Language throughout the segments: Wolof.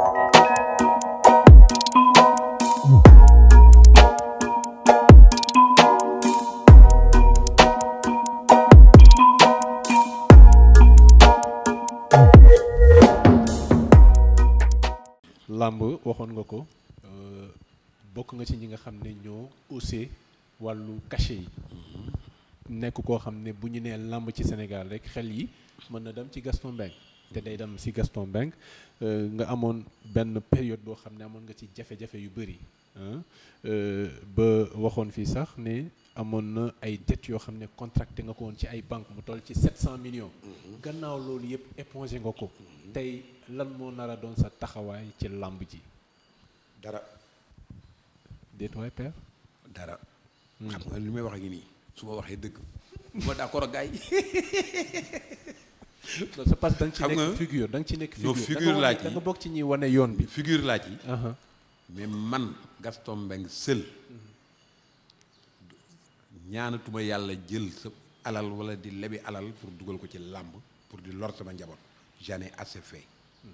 làmb waxoon nga ko euh, bokk nga ci ñi nga xam ne ñoo ose wàllu cachet yi mm-hmm. nekk koo xam ne bu ñu nee làmb ci Sénégal rek xel yi mën na dem ci Gaston Mbengue te day dem si Gaston Mbengue euh, nga amoon benn période boo xam ne amoon nga ci jafe-jafe yu bëri euh, ba waxoon fii sax ne amoon na ay dettes yoo xam ne contracté nga ko woon ci ay banque mu toll ci 700 millions mm-hmm. gannaaw loolu yëpp épongé nga ko mm-hmm. tey lan moo nar a doon sa taxawaay ci làmb ji dara déet hmm. xam nga li may wax ak nii su ma waxee dëgg ma d'accord ak gars non c'est parce que da nga ci nekk figure da nga ci nekk figure figure laa ci da nga bokk ci ñi wane yoon bi figure laa ci mais man Gaston Mbengue seul ñaanatuma yàlla jël sa alal wala di lebi alal pour dugal ko ci làmb pour di lor sama njaboot j'en ai assez fait mhm.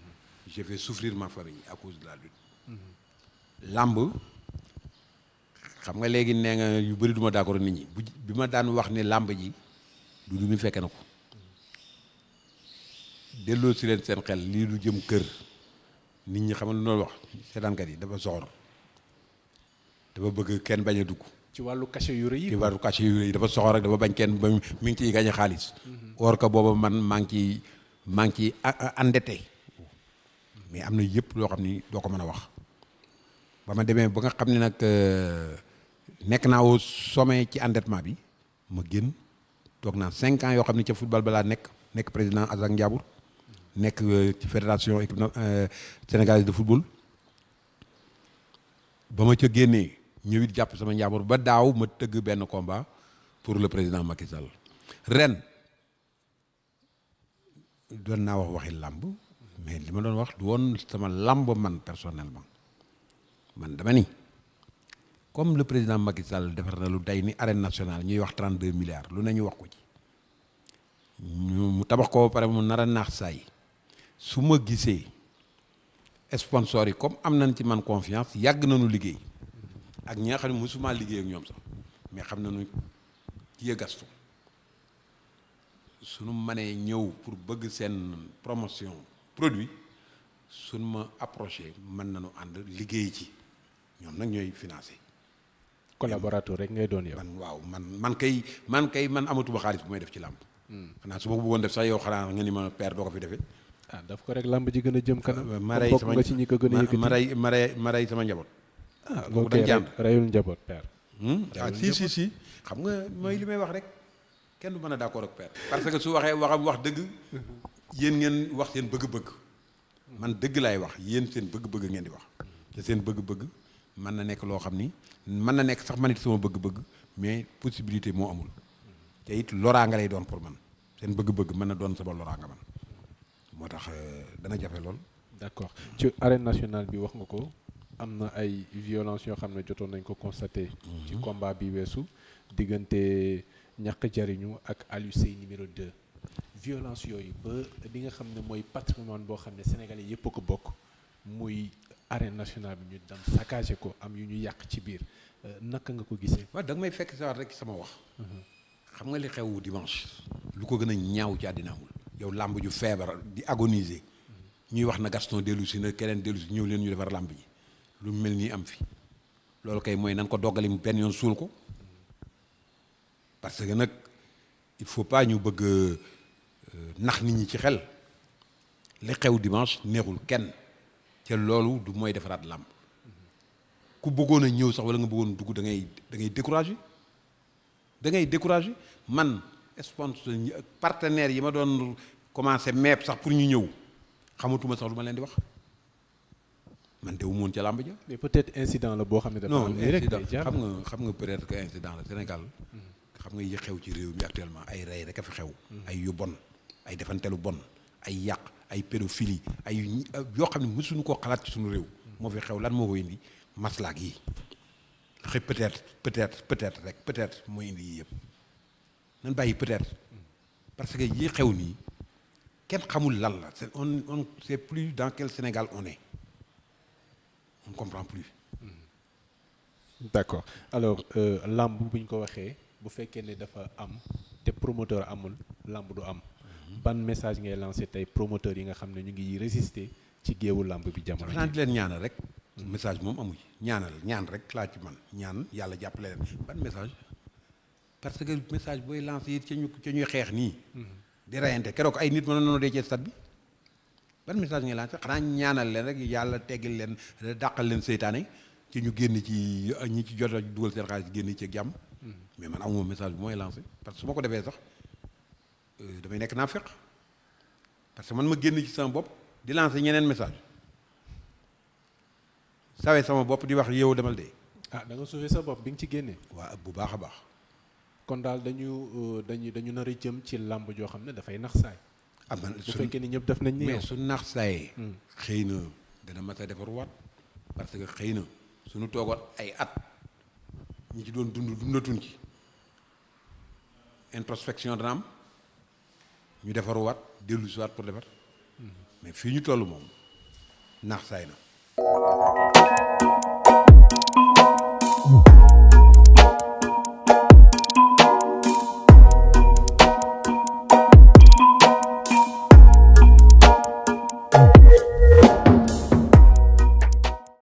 j'ai fait souffrir ma famille à cause de la lutte mhm. làmb xam nga léegi nee nga yu bëri duma d'accord nit ñi bi ma daan wax ni làmb yi du du fekke na ko delloo si leen seen xel lii lu jëm kër nit ñi xamal lu noonu wax seetaankat yi dafa soxor dafa bëgg kenn bañ a dugg. ci wàllu cachet yu rëy yi. ci wàllu cachet yu dafa soxor rek dafa bañ kenn ba mi ngi ciy gañ xaalis. Mhm. or que booba man maa ci ciy maa ngi ciy mais am na yëpp loo xam ni doo ko mën a wax. ba ma demee ba nga xam ne nag euh, nekk naa au sommet ci endettement bi ma génn toog naa cinq ans yoo xam ne ca football balaa nekk nekk président Azak Ndiabour. nekk euh, ci fédération équipe euh, sénégalaise de football ba ma ca génnee ñëw jàpp sama njaamur ba daaw ma tëgg benn combat pour le président Macky ren doon naa wax waxi làmb mais li ma doon wax du woon sama làmb man personnellement man dama ni comme le président Macky defar na lu tey ni arène national ñuy wax 32 milliards lu ne ñu wax ko ci mu tabax ko ba pare mu nar a naax saay su ma gisee sponsor yi comme am nañ ci man confiance yàgg nañu liggéey ak ñi nga xam ne mosuma liggéey ak ñoom sax mais xam na nañu ci gastu suñu mënee ñëw pour bëgg seen promotion produit suñu ma approché na nañu ànd liggéey ci ñoom nag ñooy financé. collaborateur rek ngay doon yow. man waaw man man kay man kay man amatuma xaalis bu may def ci làmb. Hmm. xanaa su ma ko bëggoon def sax yow xanaa nga ni ma père doo ko fi defee. ah daf ko rek làmb ji gën a jëm kanam. Euh, maray sama bokk nga ci ñi ko gën a yëkkati maray maray maray sama njaboot. ah kooku dañ njaboot per hmm? ah si si si xam nga mooy li may wax rek kenn du mën a d'accord ak père. parce que su waxee waxam wax dëgg yéen ngeen wax seen bëgg-bëgg man dëgg laay wax yéen seen bëgg-bëgg ngeen di wax seen bëgg-bëgg mën na nekk loo xam ni mën na nekk sax man it sama bëgg-bëgg mais possibilité moo amul te it loraa nga lay doon pour man seen bëgg-bëgg mën na doon sama loraa nga man moo tax euh, dana jafe lool. d'accord ci arène nationale bi wax nga ko am na ay violence yoo xam ne jotoon nañ ko constaté. ci mhm. combat bi weesu diggante ñàkk jariñu ak Aliou Seye numéro 2. violence yooyu ba li nga xam ne mooy patrimoine boo xam ne sénégalais yëpp ko bokk muy arène national bi ñu dam saccagé ko am yu ñu yàq ci biir euh, naka nga ko gisee. waaw da may fekk saar rek sama wax. Mhm. xam nga li xew dimanche. lu ko gën a ñaaw ci àddina amul. yow làmb ju feebar di agoniser ñuy wax na Gaston dellu si na keneen dellusi ñëw leen ñu defar làmb ji lu mel nii am fi loolu kay mooy nan ko doggali mu benn yoon suul ko parce que nag il faut pas ñu bëgg euh, nax nit ñi ci xel li xew dimanche neexul kenn te loolu du mooy defaraat làmb ku bëggoon a ñëw sax wala nga bëggoon dugg da ngay da ngay découragé man sponsor ñi ak partenaires yi ma doon commencé meeb sax pour ñu ñëw xamatuma sax lu ma leen di wax man dewu moon ca làmb ja mais peut-être incident la boo xam ne dafa am incident xam nga xam nga peut-être que la Sénégal mm-hmm. xam nga yi xew ci réew mi actuellement ay rey rek a fi xew mm-hmm. ay yu bon ay defantelu bon ay yàq ay pédophilie ay yoo xam ne suñu ko xalaat ci suñu réew mm-hmm. moo fi xew lan moo ko indi maslaak yi xëy peut-être peut-être peut-être rek peut-être mooy indi yii yëpp nan bàyyi peut-être parce que yi xew nii kenn xamul lan la c'est on on sait plus dans Sénégal on est on comprend plus. d'accord alors euh, làmb bu ñu ko waxee bu fekkee ne dafa am te promoteur amul làmb du am. ban message ngay lancé tey promoteur yi nga xam ne ñu ngi résister ci géewu làmb bi jamono ji. di leen ñaanal rek. message moom amuñ ñaanal ñaan rek laa man ñaan yàlla jàppale leen ban message. parce que message booy lancé ca ñu ñuy xeex nii. Mhm. di reyante keroog ay nit mën nañoo dee ci stade bi ban message ngay lancé xanaa ñaanal leen rek yàlla teggil leen dàqal leen seytaane ci ñu génn ci ñi ci jot a dugal seen xaalis génn ci jàmm. Mhm. mais man amuma message bu mooy lancé parce que su ma ko defee sax euh, damay nekk naa naafeq parce que man ma génn ci sama bopp di lancé ñeneen message sawee sama bopp di wax yow demal de ah da nga sauvé sa bopp bi nga ci génnee. waaw bu baax a kon daal dañu euh, dañu dañu nar a jëm ci làmb joo xam ne dafay nax saay. am na ni ñëpp def nañ ni mais su nax saayee. Hmm. xëy na dana mat a defarwaat parce que xëy na suñu toogoon ay at ñi ci doon dund dundatuñ ci introspection dana am ñu defaruwaat dellu si waat pour defar hmm. mais fii ñu toll moom nax saay na.